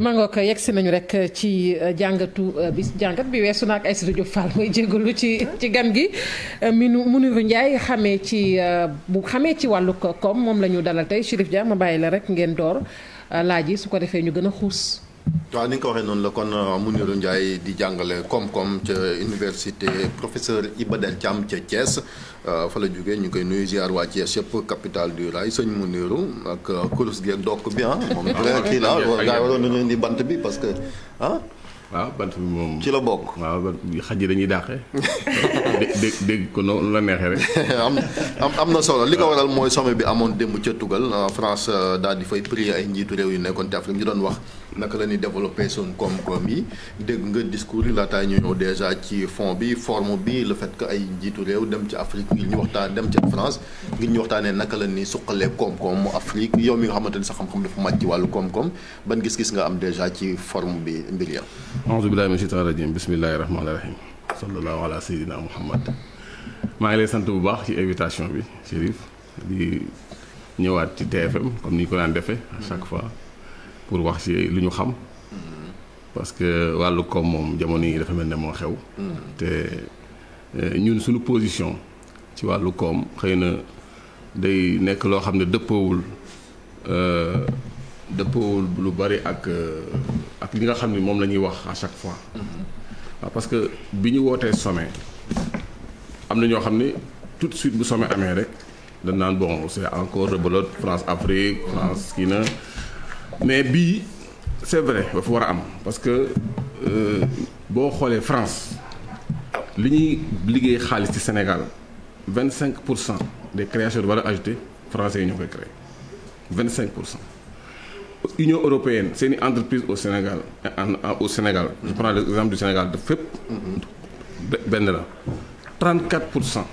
mangook yegg si nañu rek ci euh, jàngatu euh, bi jàngat bi weesu na ak Aïssatou Diop Fall mooy jégalu ci ci gan gi euh, minu Mounirou Ndiaye xamee ci bu xamee ci wàllu kom moom la ñu dalal tey Chérif Dia ma bàyyi la rek ngeen door laaj yi su ko defee ñu gën a xuus waaw ni nga ko waxee noonu la kon euh, Mounirou Ndiaye di jàngale koom-koom ca université professeur Iba Der Thiam ca Thiès euh, fa la jógee ñu koy nuyu ziar waa Thiès yëpp capitale du rail sëñ Mounirou ak euh, kurus gi ak dokk bi ah moom vrai kii la gaa waroon nañu indi bant bi parce que ah waaw bant bi moom ci la bokk waaw xaj yi dañuy dàqee dé dégg ko noonu la neexee rek am am na solo li ko waral mooy sommet bi amoon démb ca tugal France daal di fay prix ay njiitu réew yu nekkoon te ñu doon wax naka la ñuy développé suñu koom-koom yi dégg nga discours yi laataa ñu ñëw déjà ci fond bi forme bi le fait que ay njiitu réew dem ci Afrique ngir ñu waxtaan dem ca France ngir ñu waxtaanee naka la ñuy suqalee koom-koom mu Afrique yow mi nga xamante ni sa xam-xam dafa mat ci wàllu koom-koom ban gis-gis nga am déjà ci forme bi mbir ya aouzu billahi mina shaytaani rajim bismillahi rahmaani rahim sallallahu ala sayyidina muhammad maa ngi lay sant bu baax ci invitation bi Chérif di ñëwaat ci TFM comme ni ko daan defee à fois pour wax ci lu ñu xam. parce que wàllu koom moom jamono yi dafa mel ne moo xew. te euh, ñun suñu position ci wàllu koom xëy na day nekk loo xam ne dëppoowul euh, dëppoowul lu bari ak euh, ak li nga xam ne moom la ñuy wax à chaque fois. Mm-hmm. waaw parce que bi ñu wootee sommet am na ñoo xam ne tout de suite bu sommet amee rek dañ naan bon c'est encore rebelote France Afrique France kii na. mais bii c'est vrai dafa war a am parce que euh, boo xoolee France li ñuy liggéey xaalis ci Sénégal vingt cinq pour cent des créations de valeur ajoutée français yi ñoo koy créé vingt cinq pour cent. Union européenne seen i entreprise au Sénégal en au Sénégal. je prends l'exemple du Sénégal def fépp. benn la trente quatre pour cent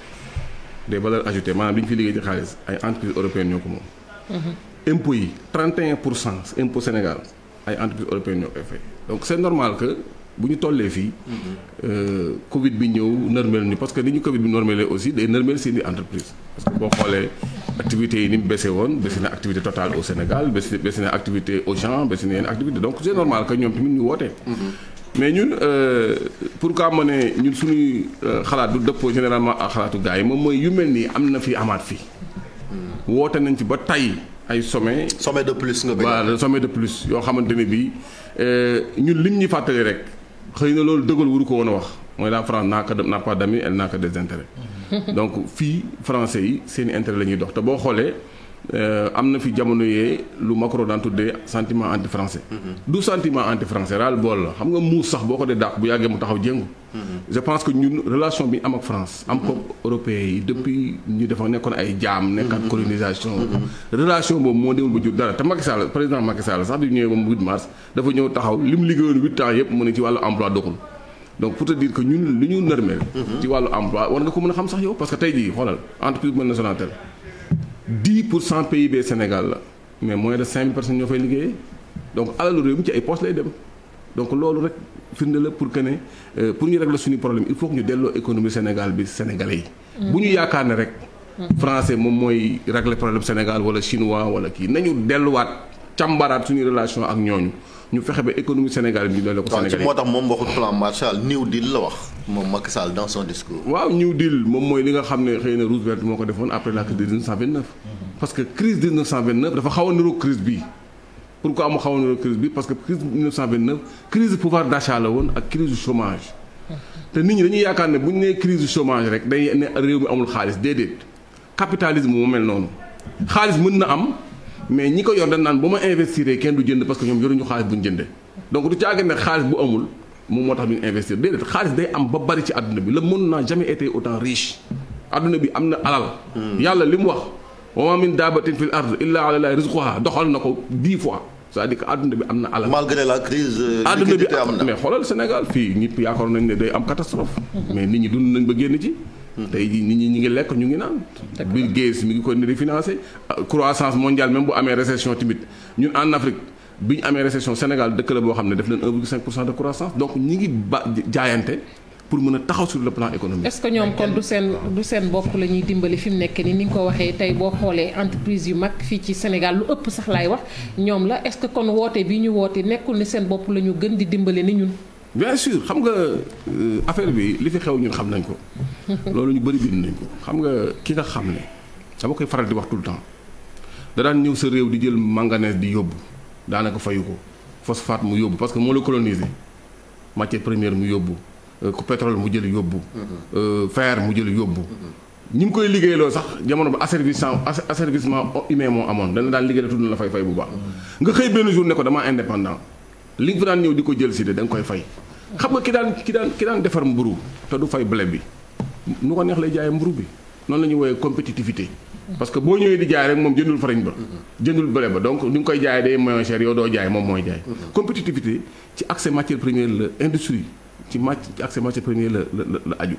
des valeurs ajoutées maanaam li ñu fi liggéey ci xaalis ay entreprises européennes ñoo ko moom. impôts yi 31 pour cent impôt Sénégal ay entreprises européennes ñoo koy fay donc c'est normal que bu ñu tollee fii. Mm-hmm. Euh, Covid bi ñëw normel ni parce que ni ñu Covid bi normalee aussi day normel seen i entreprise parce que boo xoolee activités yi ni mu bese woon bese na activité totale au Sénégal bese bese na activité aux gens bese na yenn activité donc c'est normal que ñoom tamit ñu woote. Mm-hmm. mais ñun euh, pourquoi ma ne ñun suñuy euh, xalaat du dëppoo généralement ak yi moom mooy yu nii am na fi amaat fii. Mm-hmm. woote nañ ci ba tay ay sommet sommet de plus nga bëgg waaw sommet de plus yoo xamante ne bii euh, ñun lim ñu fàttali rek xëy na loolu dëggal waru ko woon a wax mooy la France naa ko n'a pas d'amis elle n'a que des intérêts mm-hmm. donc fii français yi seen i intérêt la ñuy dox te boo xoolee. Euh, am na fi jamono yee lu Macron daan tuddee sentiment anti français. Mm-hmm. du sentiment anti français daal bool la xam nga muus sax boo ko dee dàq bu yàggee mu taxaw jéngu. Mm-hmm. je pense que ñun relation bi am ak France. am ko mm-hmm. européen yi depuis ñu dafa nekkoon ay jaam. nekkaat colonisation. relation boobu moo demul ba jur dara te Macky Sall président Macky Sall sax bi ñëwee moom 8 mars dafa ñëw taxaw li mu ne ci wàllu emploi doxul. donc pour te dire que ñu nërmeel. ci wàllu emploi war ko mën a xam sax yow parce que tey jii xoolal entreprise bu mel ne Sonatel dix pour cent PIB Sénégal la mais moins de cinq mille personnes ñoo fay liggéeyee donc alalu réew mi ci ay poste lay dem donc loolu rek firnde la pour que ne euh, pour ñu régler suñu problème il faut que ñu delloo économie Sénégal bi sénégalais yi. Mm-hmm. bu ñu yaakaar ne rek. Mm-hmm. français moom mooy régler problème Sénégal wala chinois wala kii nañu delluwaat càmbaraat suñu relation ak ñooñu. ñu fexe ba économie sénégalaise ñu doole ko Sénégal moo tax moom waxul plan Marshall New Deal la wax moom Macky Sall dans son discours. waaw New Deal moom mooy li nga xam ne xëy na Roosevelt moo ko defoon après la crise de parce que crise de 1929 a niroog crise bii. pourquoi mu xaw a niroog crise parce que crise 1929 crise pouvoir d'achat la woon ak crise du chômage. te nit ñi dañuy yaakaar ne bu ñu nee crise du chômage rek dañuy ne réew mi amul xaalis déedéet capitalisme moo mel noonu. xaalis mën na am. mais ñi ko yor dañ naan bu ma investir kenn du jënd parce que ñoom yoruñu xaalis bu ñu jëndee donc du caaga ne xaalis bu amul moom moo tax ñu investir déedéet xaalis day am ba bari ci àdduna bi le monde n'a jamais été autant riche àdduna bi am na alal. Hmm. yàlla li mu wax wa ma min daabatin fil ard illa ala llahi rizquha doxal na ko dix fois. c'est-à-dire àdduna bi am na alal. malgré la crise. Euh, àdduna bi mais xoolal Sénégal fii nit yaakaar nañ ne day am catastrophe. Hmm. mais nit ñi dund nañ ba génn ci. te jii nit ñi ñu ngi lekk ñu ngi naan. Bill Gates mi ngi ko ni di financé. Ah, croissance mondiale même bu amee récession tamit ñun en Afrique bi ñu amee récession Sénégal dëkk la boo xam ne def leen 1,5 pour cent de croissance donc ñi ngi ba jaayante. pour mën a taxaw sur le plan économique. est que ñoom kon du seen du seen bopp la ñuy dimbali fi mu nekk nii ni nga ko waxee tey boo xoolee entreprise yu mag fii ci Sénégal lu ëpp sax laay wax ñoom la est-ce que kon woote bi ñu woote nekkul ni seen bopp la ñu gën di dimbali ni ñun. bien sûr xam nga euh, affaire bi li fi xew ñu xam nañ ko loolu ñu bëri bind nañ ko xam nga ki nga xam ne dama koy faral di wax tout temps da daan ñëw sa réew di jël manganèse di yóbbu daanaka fayu ko phosphate mu yóbbu parce que moo la colonisé matière première mu yóbbu euh, pétrole mu jël yóbbu. Mhm. Euh, fer mu jël yóbbu. Mhm. ñi mu koy liggéeyloo sax jamono ba asservissement asservissement humain moo amoon dana daan liggéey tudd na la fay fay bu baax. Mhm. nga xëy benn jour ne ko damaa indépendant li daan ñëw di ko jël si de da nga koy fay. xam nga ki daan ki daan ki daan defar mburu te du fay blé bi nu ko neex lay jaay mburu bi noonu la ñuy woowee compétitivité. parce que boo ñëwee di jaay rek moom jëndul farine ba. jëndul blé ba donc ni nga koy jaay day moins cher yow doo jaay moom mooy jaay. compétitivité ci accès matière première la industrie ci ma accès matière première la aju.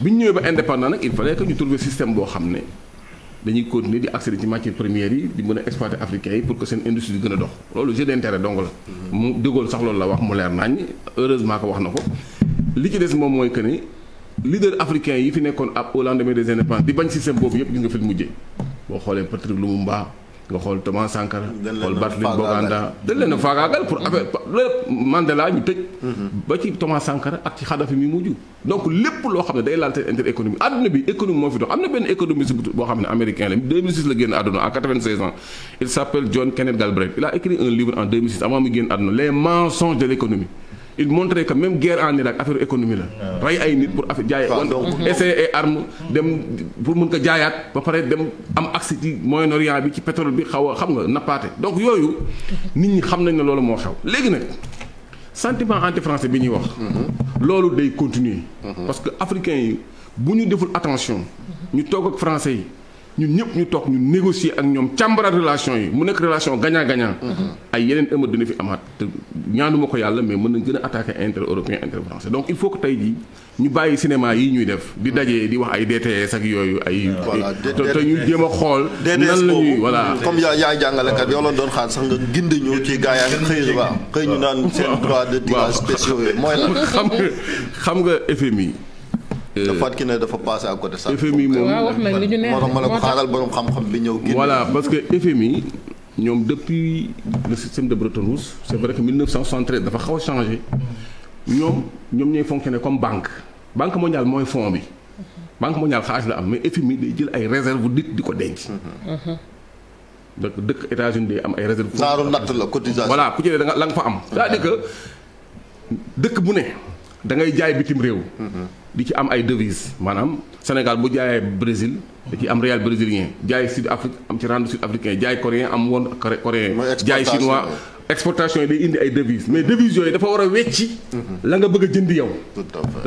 bi ñu ñëwee ba indépendant nag il fallait que ñu trouver système boo xam ne. dañuy continuer di accéder ci matières premières yi di mën a exploiter africains yi pour que seen industrie di gën a dox loolu jeu d'intérêt dong la. mu dëggoon sax loolu la wax mu leer nañ heureusement que wax na ko li ci des moom mooy que ni leader africain yi fi nekkoon ab au lendemain des indépendances di bañ système boobu yëpp gis nga fi mujjee boo xoolee Patrice Lumumba. nga xool Thomas Sankara. xool Barthélémy Boganda dañ leen faagaagal pour affaire mm-hmm. lépp Mandela ñu tëj. Mm-hmm. ba ci Thomas Sankara ak ci Kadhafi mi mujj. donc lépp loo xam ne day laal seen intérêt économique bi économie moo fi dox am na benn économiste boo xam ne américain la la génn àdduna à 96 ans génn àdduna les mensonges de l' économie. il montrait que même guerre en Irak affaire économie la. Ah. rey ay nit pour affaire jaay. donc essayer ay armes dem pour mën ko jaayaat ba pare dem am accès ci Moyen-Orient bi ci pétrole bi xaw xam nga nappaate donc yooyu nit ñi xam nañ ne loolu moo xew léegi nag. sentiment anti-français bi ñuy wax. loolu day continuer. Mm-hmm. parce que africains yi bu ñu deful attention. ñu toog ak français yi. ñu ñëpp ñu toog ñu négocier ak ñoom càmbaraat relation yi mu nekk relation gagnant gagnant. ay yeneen ëmët dina fi amaat te ñaanuma ko yàlla mais mën na gën a attaquer inter européen inter français donc il faut que tey jii ñu bàyyi cinéma yi ñuy def. di daje di wax ay DTS ak yooyu ay. voilà te ñu jéem a xool. nan la ñuy voilà comme yaa yaa jàngalekat yow la doon xaar sax nga gind ñu ci gaa yaa xëy waaw xëy ñu naan seen droit de tirage spéciaux yooyu mooy la xam nga xam nga FMI dafa ki ne dafa passé à côté sax. FMI moom waaw wax nañ li ñu neex moo xaaral borom xam-xam bi ñëw. génn voilà parce que FMI ñoom depuis le système de Bretton Woods c' est vrai que 1973 dafa xaw a changé ñoom ñoom ñooy fonctionné comme banque banque mondiale mooy fonds bi. banque mondiale xaalis la am mais FMI day jël ay réserve nit di ko denc. donc dëkk États-Unis day am ay réserve. saaru natt la cotisation. voilà ku ci ne da nga la nga fa am. cest à dëkk bu ne. da ngay jaay bitim réew. li ci am ay devises maanaam Sénégal bu jaayee Brésil. da ci am réal brésilien jaay sud afrique am ci rendu sud africain jaay coréen am woon coréen. jaay chinois exportation yi day indi ay devises mais devises yooyu dafa war a wecci. Mhm. la nga bëgg a jënd yow.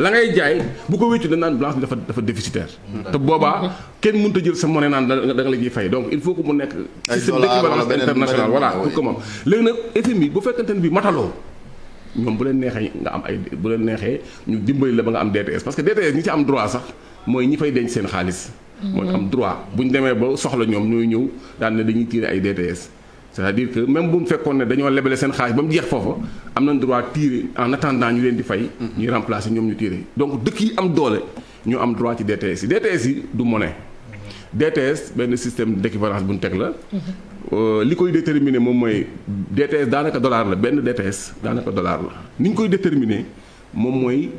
la ngay jaay bu ko weccu da naan balance bi dafa dafa déficitaire. te boobaa kenn mënut a jël sa monnaie naan da nga la ciy fay donc il faut que mu nekk. ay système d'équivalence international voilà pour que moom léegi nag fekkente ne bi mataloo. ñoom bu leen neexee nga am ay bu leen neexee ñu dimbali la ba nga am DTS parce que DTS ñi ci am droit sax mooy ñi fay denc seen xaalis. Mm-hmm. mooy am droit bu ñu demee ba soxla ñoom ñooy ñëw daan ne dañuy tiire ay DTS. c'est-à-dire que même bu mu fekkoon ne dañoo lebale seen xaalis ba mu jeex foofa am nañ droit tiire en ñu leen di fay. Mm-hmm. ñuy remplacer ñoom ñu tiire donc dëkk yi am doole ñu am droit ci DTS yi DTS yi du monnaie. DTS benn système d'équivalence bu ñu teg la. Mm-hmm. Euh, li koy déterminer moom mooy DTS daanaka dollar la benn DTS daanaka dollar la ni ñu koy déterminer moom mooy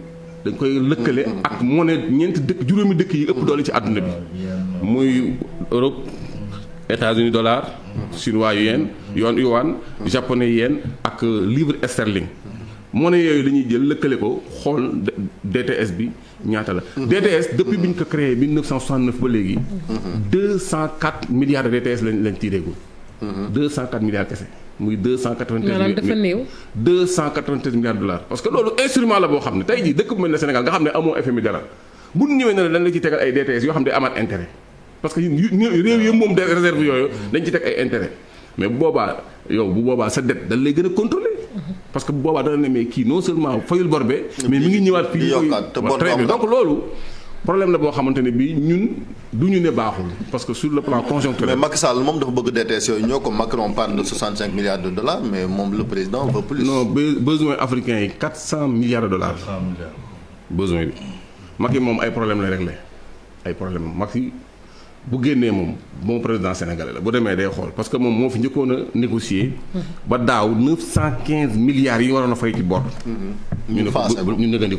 dañ koy lëkkale ak monnaie ñeent dëkk juróomi dëkk yi ëpp doole ci àdduna bi muy Europe États-Unis dollar chinois yenn yen yoon yuan japonais yen ak livre sterling monnaie yooyu la ñuy jël lëkkale ko xool DTS bi ñaata la. DTS depuis bi ñu ko créé 1969 ba léegi. 204 milliards de DTS lañ lañ tiireegul. Mm-hmm. deux cent quatre milliards kese muy deux cent quatre milliards dollars parce que loolu instrument la boo xam ne tey jii dëkk bu mel ne Sénégal nga xam ne amoo FMI dara bu ñu ñëwee ne la dañ ci tegal ay DTS yoo xam ne amaat intérêt parce que réew yi moom réserve yooyu dañ ci teg ay intérêt mais boobaa yow bu boobaa sa dette dañ lay gën a contrôler mm-hmm. parce que bu boobaa dana ne mais kii non seulement fayul bor mais mi ngi ñëwaat fii très bien donc problème la boo xamante ne bii ñun du ñu ne baaxul parce que sur le plan conjoncturel. mais Macky Sall moom dafa bëgg DTS yooyu ñoo ko Macron parle de 65 milliards de dollars mais moom le président veut plus. non yi 400 milliards de dollars. 400 bi. Macky moom ay problème lay réglé ay problème Macky bu génnee moom moom président sénégalais la bu demee day xool parce que moom moo fi njëkkoon a négocier. ba daaw 915 milliards yi ñu waroon a fay ci bor. Mm-hmm. ñu ne ko ñu nëgandi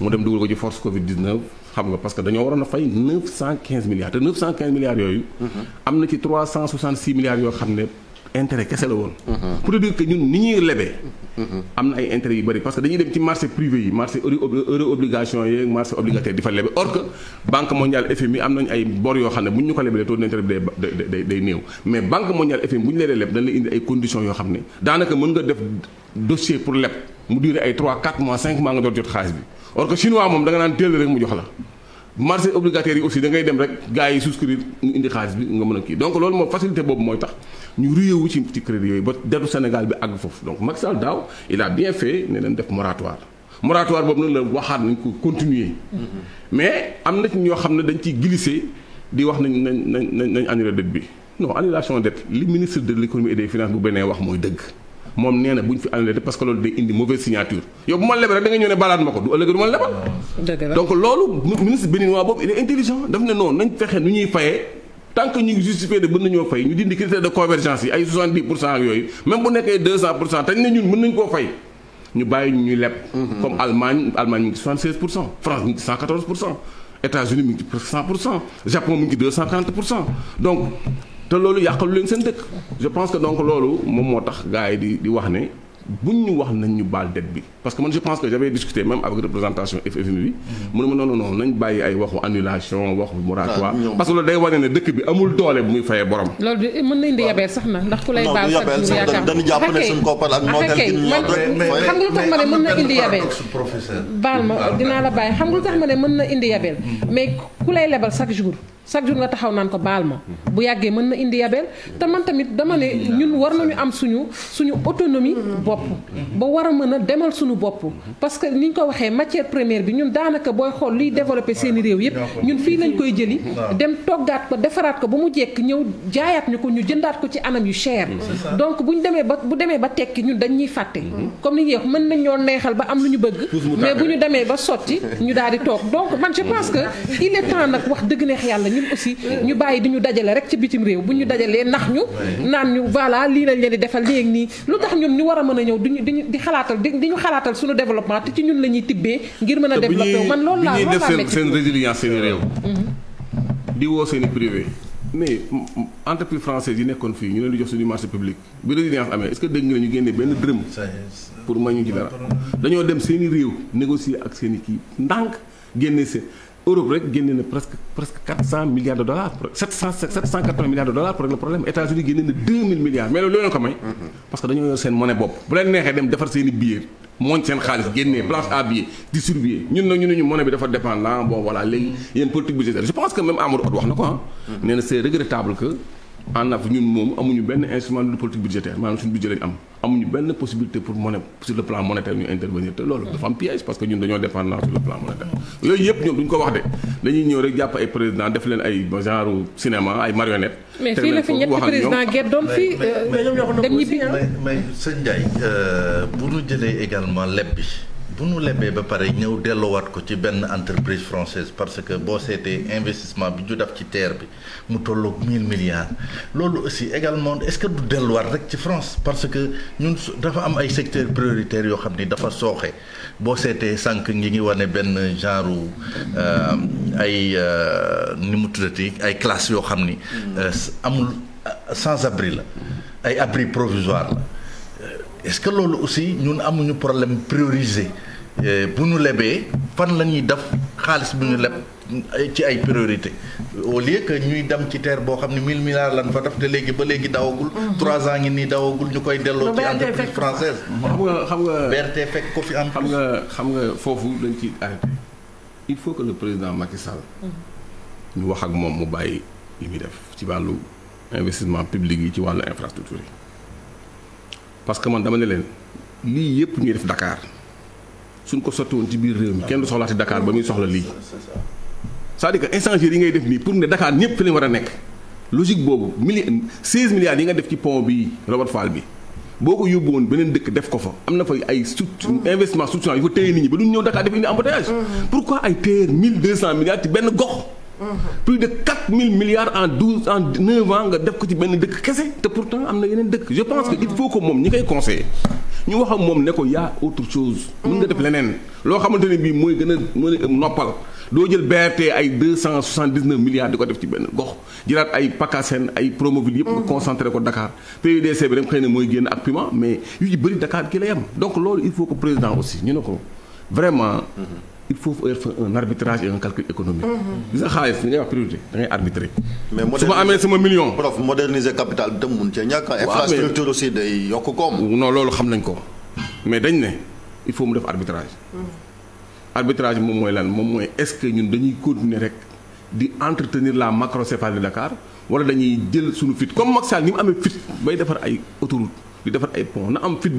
mu dem dugal ko ci force Covid 19 xam nga parce que dañoo waroon a fay 915 milliards te 915 milliards yooyu. Mm-hmm. am na ci 366 milliards yoo xam ne intérêt kese la woon. Mm-hmm. pour dire que ñun ni ñuy lebe mm-hmm. am na ay intérêt yu bëri parce que dañuy dem ci marché privé yi marché euro obligation yeeg marché obligataire di fa lebe or que banque mondiale FMI am nañu ay bor yoo xam ne bu ñu ñu ko lebalee taux d'intérêt bi day day day néew mais banque mondiale FMI bu ñu leen leb dañ bi. or que chinois moom da nga naan teel rek mu jox la marché obligataire yi aussi da ngay dem rek gars yi souscrire ñu indi xaalis bi nga mën a kii donc loolu moom facilité boobu mooy tax ñu réewu ci ci crédit yooyu ba detu senegal bi àgg foofu donc Macky Sall daaw il a bien fait ne leen def moratoire moratoire boobu nag la waxaat nañ ko continuer mm-hmm. mais am na ci ñoo xam ne dañ ciy glisser di wax nañ nañ nañ nañ annulé dette bi non annulation dette li ministre de l'économie et des finances bu benee wax mooy dëgg moom nee na bu ñu fi annulé parce que loolu day indi mauvaise signature yow bu ma lebal rek da nga ñëw ne balaat ma ko du ëllëg du ma lebal donc loolu ministre béninois boobu intelligent daf ne noonu nañ fexe nu ñuy fayee tant ñu ngi justifié de mën nañoo fay ñu dindi critère de convergence yi ay 70 pour cent ak yooyu même bu nekkee 200 pour cent tañ mu mm-hmm. ngi cent France pour cent États-Unis mu ngi Japon mu ngi cent donc te loolu yàqalu leen seen dëkk. je pense que donc loolu moom moo tax gars yi di di wax ne buñ ñu wax nañ ñu baal dette bi parce que man je pense que j'avais discuté même avec représentation FFMI bi. Mm-hmm. mu ne ma non bàyyi ay waxu annulation waxu moratoire. Ah, parce que loolu day wane ne dëkk bi amul doole bu muy fayee borom. loolu mën nañ di yabeel sax na ndax ku lay baal sax dañu jàpp ne suñu ak nootel xam nga lu ma ne na indi yabeel. dinaa la bàyyi xam nga lu tax ma ne chaque jour nga taxaw naan ko baal ma bu yàggee mën na indi yabeel te man tamit dama ne ñun war nañu am suñu suñu autonomie bopp ba war a mën a demal suñu bopp parce que ni ñu ko waxee matière première bi ñun daanaka booy xool liy développé seeni réew yëpp ñun fii lañ koy jëli dem toggaat ko defaraat ko ba mu jekk ñëw jaayaat ñu ko ñu jëndaat ko ci anam yu cher donc bu ñu demee ba bu demee ba tekki ñun dañ ñuy fàtte comme ni ñuy mën nañ ñoo neexal ba am lu ñu bëgg mais bu ba sotti ñu daal di toog donc man je que il wax dëgg neex yàlla ñun aussi ñu bàyyi di ñu dajale rek ci bitim réew bu ñu dajalee nax ñu naan ñu lii lañ leen di defal léegi nii lu tax ñu war a mën a ñëw duñu diñu di xalaatal di ñu xalaatal suñu développement ci ñun la ñuy tibbee ngir mën a développé man loolu laa loolu laa def seen résilience réew mhm. di woo seen privé mais entreprise française yi nekkoon fii ñu leen di jox suñu marché public bi résilience amee est-ce que dégg nga ñu génnee benn dërëm pour ma ñu ci dara dañoo dem seeni i réew négocier ak seen i kii ndànk génne seen Europe rek génne na presque presque quatre cent milliards de dollars sept cent sept problème États-Unis génne na deux mille milliards mais loolu loolu ko may. parce que dañoo yor seen monnaie bopp. bu leen neexee dem defar seen i mooñ seen xaalis génnee planche à billets distribuer ñun nag ñu ne ñu monnaie bi dafa dépendant bon voilà léegi yéen budgétaire je pense que même Amadou mm-hmm. amuñu benn instrument de politique budgétaire maanaam suñu budget lañu am. amuñu benn possibilité pour monnaie sur le plan monétaire ñu intervenir te loolu dafa am piège parce que ñun dañoo dépendant sur le plan monétaire yooyu yëpp ñoom duñ ko wax de dañuy ñëw rek jàpp ay président def leen ay genre cinéma ay marionnette mais fii la fi ñetti président geddoon fii dem ñibbi mais sëñ Ndiaye euh, bu ñu jëlee également leb bu nu lebee ba pare ñëw delluwaat ko ci benn entreprise française parce que boo seetee investissement bi ñu def ci terre bi mu tolloog mille milliards loolu aussi également est-ce que du delluwaat rek ci France parce que ñun dafa am ay secteurs prioritaires yoo xam ni dafa sooxe boo seetee sànq ngi ngi wane benn genre euh, ay euh, ni mu tuddati ay classes yoo xam ni euh, amul sans abri la ay abri provisoire la est-ce que loolu aussi ñun amuñu problème priorisé Eh, bu ñu lebee fan la ñuy def xaalis bu ñu leb ci ay priorité au lieu que ñuy dem ci terre boo xam ne 1000 milliards lan fa def te léegi ba léegi dawagul. 3 mm-hmm. ans ngi nii dawagul ñu koy delloo. ci entreprise française xam nga xam nga fekk ko fi am. xam nga xam nga foofu dañ ci arrêté il faut que le président Macky Sall. Mm-hmm. ñu wax ak moom mu bàyyi li muy def ci wàllu investissement public yi ci wàllu infrastructure yi parce que man dama ne leen lii yëpp ñuy def dakaar suñ ko sotti woon ci biir réew mi kenn du soxlaati Dakar ba muy soxla lii c'est-à-dire yi ngay def nii pour ne Dakar ñëpp fi lañ war a nekk logique boobu mili 16 milliards yi nga def ci pont bi Robert Fall bi boo ko yóbbu woon beneen dëkk def ko fa am na fa ay sut investissement structurel yu fa téye nit ñi ba duñ ñëw Dakar def indi embouteillage pourquoi ay téer 1200 milliards ci benn gox plus de 4000 milliards en 12 en 9 ans nga def ko ci benn dëkk kese te pourtant am na yeneen pense que moom ñi koy ñu wax moom ne ko yaa autre chose. mën nga def leneen loo xamante ne bii mooy gën a mu mooy noppal doo jël BRT ay deux cent soixante dix neuf milliards di ko def ci benn gox jëlaat ay PACASEN ay Promoville yëpp nga mm-hmm. concentré ko Dakar PUDC bi dem xëy na mooy génn ak piment mais yu ci bëri Dakar ki la yem donc loolu il faut que président aussi ñu ne ko vraiment. Mm-hmm. il faut faire un a et un calcul économique. Mhm. gis nga xaalis li ngay wax priorité da ngay arbitrer. mais su ma amee sama million. prof moderniser capital bi tam mun cee ñàkk. infrastructure aussi day yokk koom. non loolu xam nañ ko mais dañ ne il faut mu def arbitrage. Mhm. arbitrage moom mooy lan moom mooy est ñun dañuy continuer rek di entretenir la macrocéphalie de Dakar wala dañuy jël suñu fit comme Macky Sall mu amee fit bay defar ay autoroute di defar ay pont na am fit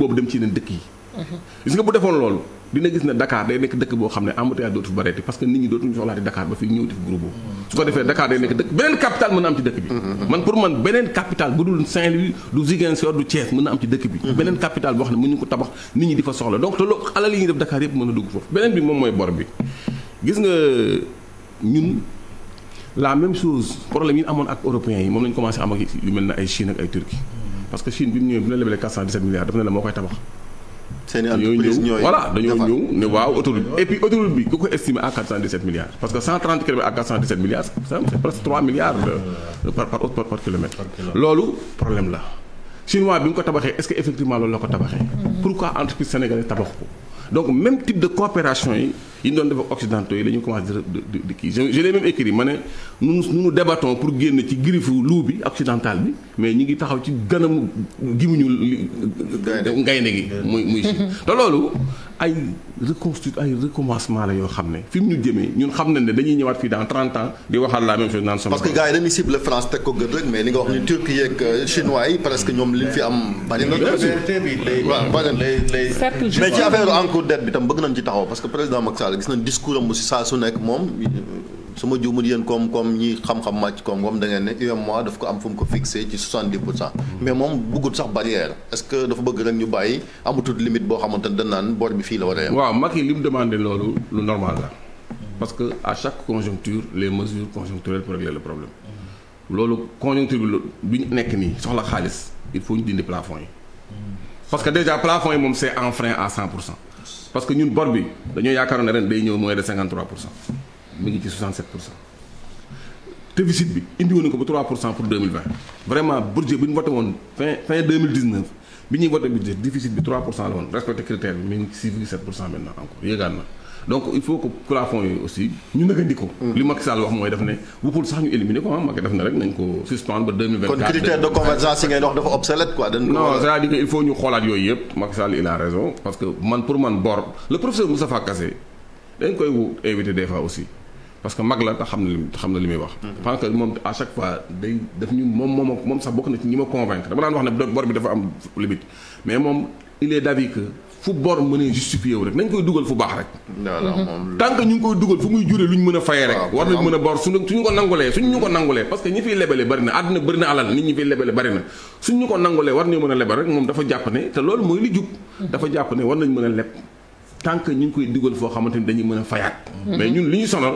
gis nga bu defoon loolu dina gis ne Dakar day nekk dëkk boo xam ne embouteillage dootu fi bareeti parce que nit ñi dootuñu soxlaati Dakar ba fi ñëw def groupe boobu su ko defee Dakar day nekk dëkk beneen capital mën a am ci dëkk bi man pour man beneen capital bu dul Saint-Louis du Ziguinchor du Thiès mën a am ci dëkk bi beneen capital boo xam ne mën ñu ko tabax nit ñi di fa soxla donc te loolu alal yi ñu def Dakar yëpp mën a dugg foofu beneen bi moom mooy nga ñun la seen i entreprise ñooy dañoo ñëw ne waaw autoroute bi et puis autoroute bi ku ko estimé à 417 milliards parce que 130 kilomètres à 417 milliards presque 3 milliards par par par kilomètre. loolu problème la. chinois bi mu ko tabaxee est-ce que effectivement loolu la ko tabaxee. Mm-hmm. pourquoi entreprise sénégalaise tabax ko donc même type de coopération yi. yi ñu doon def ak yi la ñu di di kii je je l'ai même écrit ma ne nous nous débattons pour génn ci griffu luu bi occidental bi mais ñu ngi taxaw ci ganamu gimuñu. gaynde gi muy muy si te loolu ay reconstitue ay recommencement la yoo xam ne fi mu ñu jëmee ñun xam nañ ne dañuy ñëwaat fii dans 30 ans di waxaat la même chose naan sama. parce que gars dañuy cible France teg ko gën rek mais li nga wax ni Turquie yeeg euh, chinois yi presque ñoom liñ fi am. bari na lay lay. cercle Sall gis nañ discours am aussi saa su nekk moom su ma juumul yéen koom koom ñi xam-xam màcc koom koom da ngeen ne UEMOA daf ko am fu mu ko fixé ci 70 pour cent mais moom bëggut sax barrière est dafa bëgg rek ñu bàyyi amatul limite boo xamante ne dañ bi fii la war a yem waaw Macky li mu loolu lu normal la parce que à chaque conjoncture les mesures conjoncturelles pour régler le problème loolu conjoncture bi bi nekk nii soxla parce que ñun bor bi dañoo yaakaaroon ne ren day ñëw moins de 53 pour cent mi ngi ci 67 pour cent déficit bi indi ko ba 3 pour cent pour 2020 vraiment bi ñu voté woon fin fin 2019 bi ñuy voté budget déficit bi 3 pour cent la woon respecté critère bi mi ngi ci 6,7 pour cent maintenant encore yéegaan na. donc il faut que plafond yooyu aussi ñu nëgandi mm. li Macky wax mooy def ne wuppul sax ñu éliminer ko ah def nañ ko suspendre ba 2024. kon critère de convergence yi ngay wax dafa obsolète quoi. dañ ko que il faut ñu xoolaat yooyu yëpp Macky Sall il raison parce que man pour man bor le professeur Moustapha Kassé dañ koy invité des aussi. parce que mag la te xam na li xam na li muy wax. je mm-hmm. pense que moom à chaque fois day daf ñu moom moom moom sax bokk na ci ñi ma daan wax ne bor bi fu bor mënee justifié rek nañ koy dugal fu baax rek. Mhm. tant ñu ngi koy dugal fu muy jure lu ñu mën a fayee rek. Ah, war nañ mën a bor suñu suñu ko nangulee suñ ñu ko nangulee parce ñi fiy lebale bari na àdduna bari na alal nit ñi fiy lebale bari na suñ ñu ko nangulee war nañ mën a lebal rek moom dafa jàpp ne te loolu mooy li jub. dafa jàpp ne war nañ mën a leb tant ñu ngi koy dugal foo xamante ni dañuy mën a fayaat. Mhm. mais ñun li ñu sonal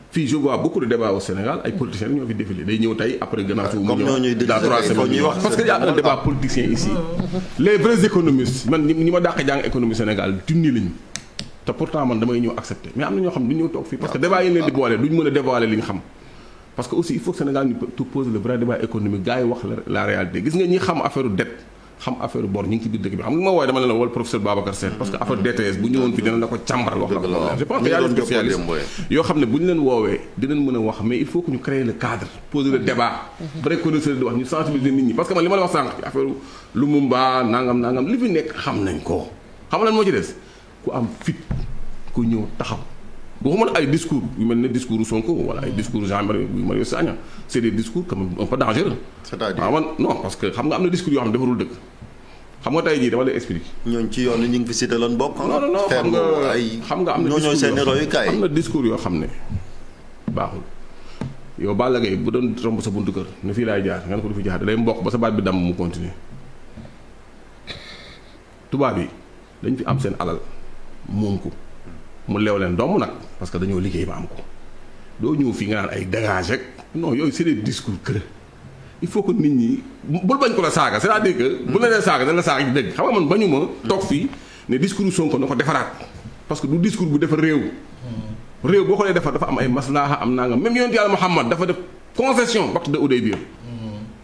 fii je vois beaucoup de débats au Sénégal ay politiciens ñoo fi défilé day ñëw tey après gannaaw suuf mu ñëw dans trois semaines wax parce que y a un débat politicien ici les man ñi ma dàq jàng économie Sénégal junni lañu te pourtant man damay ñëw accepté mais am na ñoo xam du ñëw toog fii parce que débat yi leen di boole duñ mën a dévoiler xam parce que aussi il faut Sénégal ñu pose le vrai débat xam affaire bor ñu ngi ci biir dëkk bi xam nga ma wooye dama la wol professeur Babacar Sène parce que affaire mm-hmm. DTS bu ñëwoon fi dina la ko càmbaral wax la je pense que y a des spécialistes yoo a wax mais il mm-hmm. Mm-hmm. nit ñi parce que man li ma la wax sànq ci affaire Lumumba nangam nangam li fi nekk xam nañ ko xam lan moo ci des ku am fit ku ñëw taxaw boo waxuma la ay discours yu mel ne discours Sonko wala ay discours Jean Marie Sagna c' est des discours quand même ah, xam nga am na discours yoo xam ne defarul nga tey jii dama lay expliquer. ñooñu ci yoon ñu ngi fi cité lan bokk. Ah? non non xam nga xam am na am na discours yoo xam ne baaxul. yow Balla Gaye bu doon romb sa buntu kër ne fii laay jaar nga ne ko du fi jaar da lay mboq ba sa baat bi damm mu continuer tubaab yi dañ fi am seen alal moom ko. mu leew leen doomu nag parce que dañoo liggéey ba am ko doo ñëw fii nga naan ay dégage rek non yooyu c'est des discours creux il faut que nit ñi bul bañ ko la saaga c'est-à-dire que. bu la nee saaga da la saaga ci dëgg xam nga man bañu ma. toog fii ne discours Sonko na ko defaraat parce que du discours bu defar réew. réew boo ko dee defar dafa am ay maslaha am naa nga même yonent yàlla Muhammad dafa def concession waxtu de Hudaybiya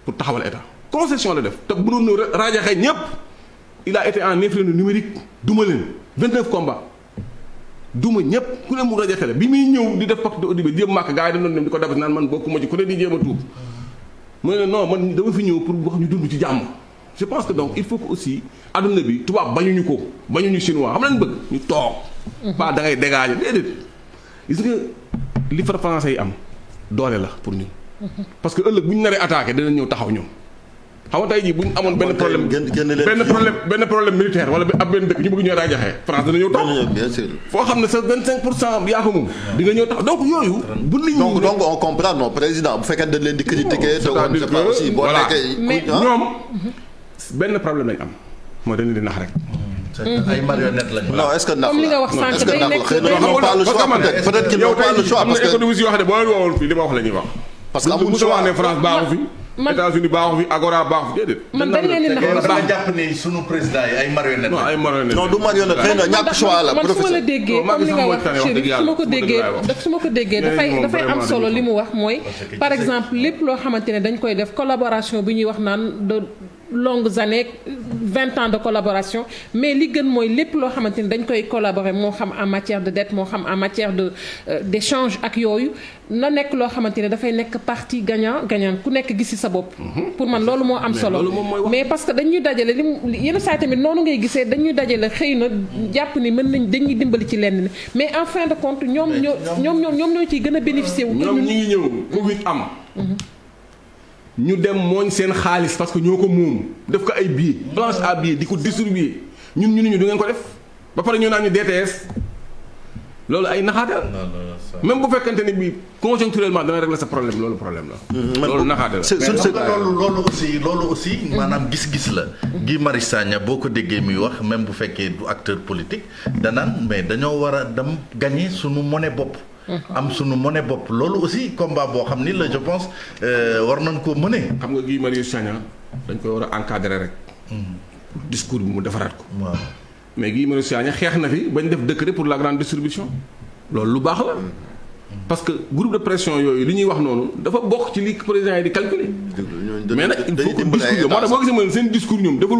pour taxawal état concession la def te bu doon rajaxe ñëpp il a été en influence numérique duma leen 29 combats. duma ñëpp ku ne mu rajaxele bi muy ñëw di def pacte d'Oddi bi jéem màkk gars yi dañ doon dem di ko dabas naan man bokkuma ci ku ne di jéem a tuub mu ne non man dama fi ñëw pour wax ñu dund ci jàmm je pense que donc il faut que aussi adduna bi tubaab bañuñu ko bañuñu chinois xam nañ bëgg ñu toog mhm. pas da ngay dégager déedéet gis nga li far français yi am doole la pour ñu mhm. parce que ëllëg bu ñu naree attaqué dinañ ñëw taxaw ñoom xam nga tey jii bu amoon benn problème benn problème militaire wala ab benn dëkk ñu bëgg ñoo daa France dina ñëw toog bien foo xam ne sa vingt cinq pour cent yaa ko moom on comprend non président bu fekkee dañ leen di critiquer ah? benn problème lañ am moo dañ di nax rek ay li ma wax la baaxu fi man États-Unis baaxu fi Agora baaxu fi déedéet. man dañ leen di nax ba jàpp ne sunu président yi ay marionnettes. non ay marionnettes du marionnette xëy na ñàkk choix su ma la déggee comme ko déggee su ma ko déggee dafay dafay am solo li mu wax mooy. par exemple lépp loo xamante ne dañ koy def collaboration bi ñuy wax naan longues années vingt ans de collaboration mais li gën mooy lépp loo xamante ni dañ koy collaborer moo xam en matière de dette moo xam en matière de euh, d'échange ak yooyu na nekk loo xamante ni dafay nekk partie gagnant gagnant ku nekk gis gisi sa bopp. Mhm. pour man loolu moo am solo. mais parce que dañuy dajale li yenn saa tamit noonu ngay gisee dañuy dajale xëy na jàpp ni mën nañ dañuy dimbali ci lenn mais en fin de compte ñoom ñoo ñoom ñoom ñoo ciy gën a bénéficier wu. ñoom ñi ngi ñëw Covid am. Mhm. ñu dem mooñ seen xaalis parce que ñoo ko moom def ko ay bii planche à billets di ko distribuer ñun ñu ñu du ngeen ko def ba pare ñu naan ñu DTS loolu ay naxaate la même bu fekkante ni bii conjoncturellement dana régler sa problème loolu problème la. Mm-hmm. loolu naxaate la mais loolu loolu aussi loolu aussi maanaam gis-gis la. gii Marius Sagna boo ko déggee muy wax même bu fekkee du acteur politique danaan mais dañoo war a dem gagner suñu monnaie bopp. am sunu monnaie bopp loolu aussi combat boo xam ni la je pense euh, war nañ koo mënee. xam nga gii Marius Sagna dañ koy war a encadrer rek. discours bi mu defaraat ko. waaw mais gii Marius Sagna xeex na fi bañ def décret pour la grande distribution loolu lu baax la. parce que groupe de pression yooyu li ñuy wax noonu dafa bokk ci li président yi di calculer. mais nag discours moo tax boo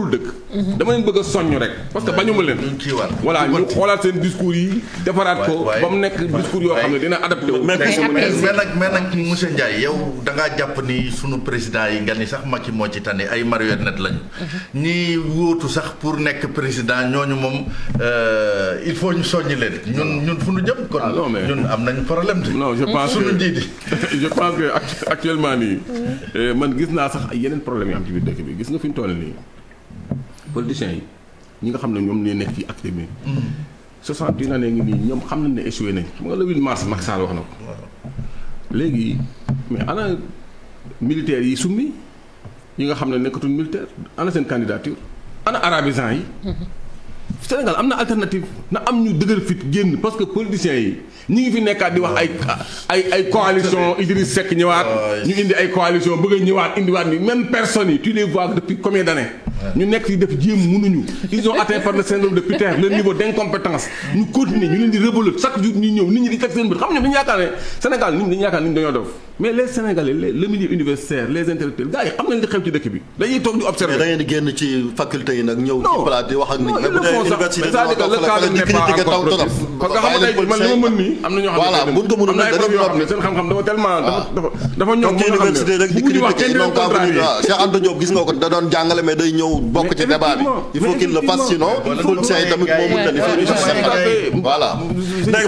discours mhm. a yi. defaraat ko ba mu nekk discours yoo xam ne dina adapté wu. mais nag mais nag monsieur Ndiaye yow da jàpp ni sunu président yi nga ni sax Macky moo ci tane ay marionnette lañu. Mhm. ñi wóotu sax pour nekk président ñooñu moom euh, il faut ñu soññ leen. ñun ñun fu ñu jëm kon ah, ñun am nañu problème yàkkamti. non je pense que suñu je pense que actuellement nii. Eh, man gis naa sax ay yeneen problème yi am ci biir dëkk bi gis nga fi ñu toll nii politiciens yi ñi nga xam ne ñoom ñooy nekk ci acte bi. 61 année ngi nii ñoom xam nañ ne échoué nañ xam nga le 8 mars na ko. mais ana militaires yi summi yi nga xam ne nekkatul militaire ana seen candidature ana arabisants yi. Sénégal am na alternative na am ñu dëgër fit génn parce que politiciens yi ñi ngi fi nekkaat di wax ay ay ay coalition Idriss Seck ñëwaat ñu indi ay coalition bëgg a ñëwaat indiwaat ni même personnes yi tu les vois depuis combien d'années ñu nekk di def jéem mënuñu ils ont atteint par le syndrome de Peter le niveau d'incompétence ñu continuer ñu leen di révolter chaque jour ñu ñëw nit ñi di teg seen bët xam ñoom dañu yaakaar ne Sénégal nit ñi dañu yaakaar nit ñi dañoo mais les sénégalais le milieu universitaire les intellectuels gars yi xam nañ li xew ci dëkk bi dañuy toog di observer. man li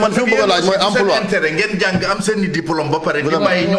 mu bëgg laaj mooy emploi ngeen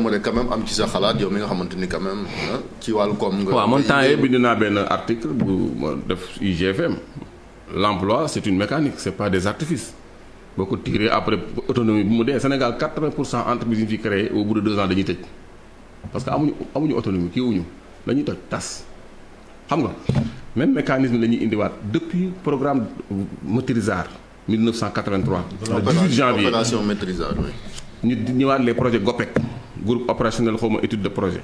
aimerais quand même am ci sa xalaat yow mi nga xamante ni quand même ah, ci wàllu koom. nga waaw man temps yii bind naa benn article bu ma def IGFM l'emploi c'est une mécanique c'est pas des artifices boo ko tiré après autonomie bi mu dee Sénégal 80 pour cent entreprises yi fi créé au bout de deux ans dañuy tëj parce que amuñu amuñu autonomie kii wuñu dañuy toj tas xam nga même mécanisme la ñuy indiwaat depuis programme Maîtrisard 1983. le 18 janvier opération Maîtrisard oui. ñu ñëwaat les groupe opérationnel xaw ma étude de projet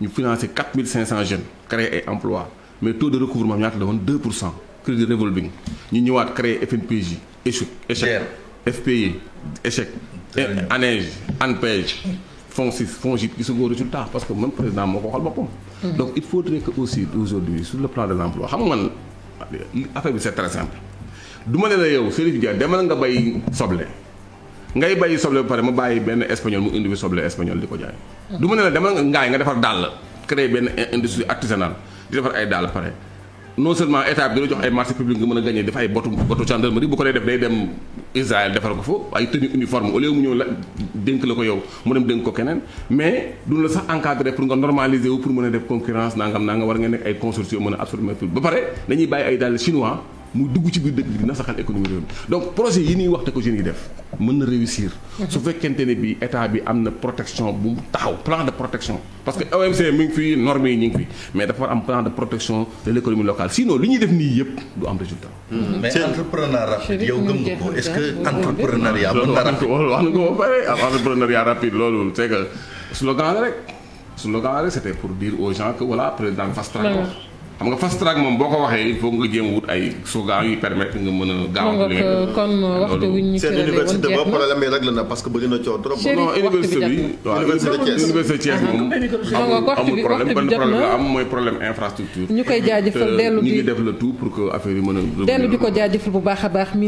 ñu financé 4500 jeunes créé ay emplois mais taux de recouvrement ñaata la woon 2 pour cent crédit revolving ñu ñëwaat créé FNPJ échec échec FPI échec ANEJ ANPEJ fonds six fonds jit gisagoo résultat parce que man président moo ko waxal boppam donc il faudrait que aussi le plan de l'emploi xam nga man affaire bi du ma ne la yow Serif demal nga bay soble ngay bàyyi soble ba pare mu bàyyi benn espagnol mu indi fi soble espagnol di ko jaay. du ma ne la dama ngaay nga defar dàll créer benn industrie artisanale di defar ay dàll pare non seulement état bi dina jox ay marché public nga mën a gagné def ay botu botu gendarmerie bu ko dee def day dem Israël defar ko fa ay tenue uniforme au lieu mu ñëw la dénk la ko yow mu dem dénk ko keneen mais duñu sax encadré pour nga normaliser wu pour mën a def concurrence a absorber ba pare dañuy bàyyi ay dàll mu dugg ci biir dëkk bi nasaxal économie réew mi donc projet yi ñuy wax te ko jeunes yi def mën na réussir su fekkente ne bi état bi am na protection bu taxaw plan de protection parce que OMC mu ngi fi normes yi ñu ngi fi mais dafa am plan de protection de l' économie locale sinon li ñuy def nii yëpp du am résultat. Mmh. mais entrepreneuriat rapide yow gëm nga ko est-ce que entrepreneuriat mën na rapide wax na ko ba pare ah, entrepreneuriat rapide loolu c'est que slogan la rek slogan la rek pour dire aux gens que président fast xam nga fast track moom boo ko waxee il faut nga jéem wut ay slogan yuy permettre nga mën a. gaaw kon waxtu wi ñu seen université ba problème bi réglé na parce que bëri na coow trop. non université bi waaw université Thiès moom amul problème benn problème la am mooy problème infrastructure. ñu koy jaajëfal dellu bi ñu def le tout pour que affaire yi mën a. dellu di ko jaajëfal bu baax a baax.